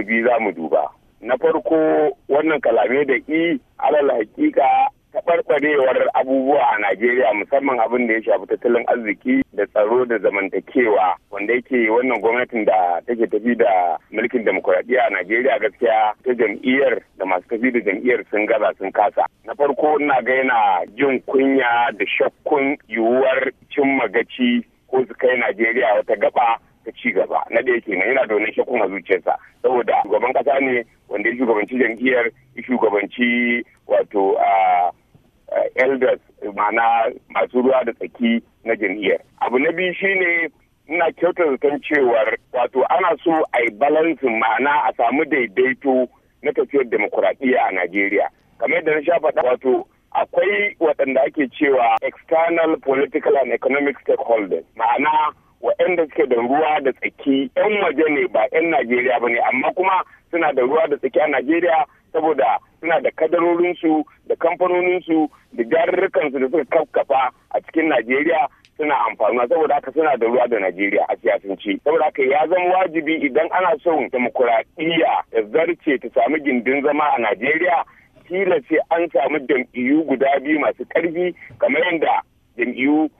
abu biyu za mu duba na farko wannan kalame da i alal hakika taɓarɓarewar abubuwa a Najeriya musamman abin da ya shafi tattalin arziki da tsaro da zamantakewa wanda yake wannan gwamnatin da take tafi da mulkin demokuraɗiyya a Najeriya gaskiya ta jam'iyyar da masu tafi da jam'iyyar sun gaza sun kasa. Na farko ina ga yana jin kunya da shakkun yiwuwar cimma gaci ko su kai Najeriya wata gaba ta ci gaba na ɗaya kenan yana da wani shakkun a zuciyarsa saboda shugaban kasa ne wanda ya shugabanci jam'iyyar ya shugabanci wato ah, ah, elders ma'ana masu ruwa da tsaki na jam'iyyar abu na biyu shine ina kyautar zaton cewar wato ana so a yi balansin ma'ana a samu daidaito na tafiyar demokuraɗiyya a najeriya kamar yadda na sha faɗa wato akwai waɗanda ake cewa external political and economic stakeholders ma'ana waɗanda suke da ruwa da tsaki 'yan waje ne ba 'yan Najeriya ba ne amma kuma suna da ruwa da tsaki a Najeriya saboda suna da kadarorinsu da kamfanoninsu da jarurrukansu da suka kafkafa a cikin Najeriya suna amfanuwa saboda haka suna da ruwa da Najeriya a siyasance. saboda haka ya zama wajibi idan ana son demokuraɗiyya da zarce ta samu gindin zama a Najeriya tilas sai an samu jam'iyyu guda biyu masu ƙarfi kamar yadda jam'iyyu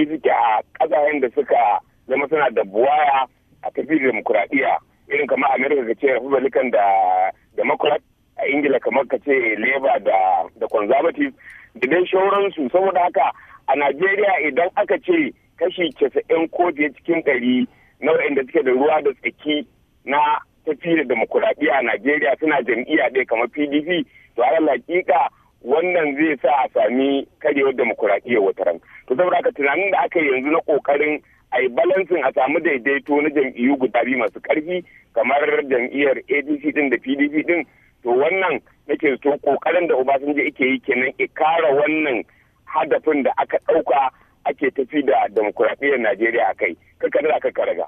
suke a ƙasashen da suka zama suna da buwaya a tafiyar demokuraɗiyya irin kamar america ka ce republican da democrat a ingila kamar ka ce labour da da conservative da dai shauransu saboda haka a nigeria idan aka ce kashi casa'in ko cikin ɗari na wa'inda suke da ruwa da tsaki na tafiyar demokuraɗiyya a nigeria suna jam'iyya ɗaya kamar pdp to alal hakika wannan zai sa a sami karyewar demokuraɗiyya wata ran to saboda haka tunanin da aka yanzu na kokarin a yi balansin a samu daidaito na jam'iyyu guda biyu masu ƙarfi kamar jam'iyyar adc din da pdp din to wannan nake so kokarin da obasanjo yake yi kenan ya kara wannan hadafin da aka ɗauka ake tafi da demokuraɗiyyar najeriya a kai kakar da aka karaga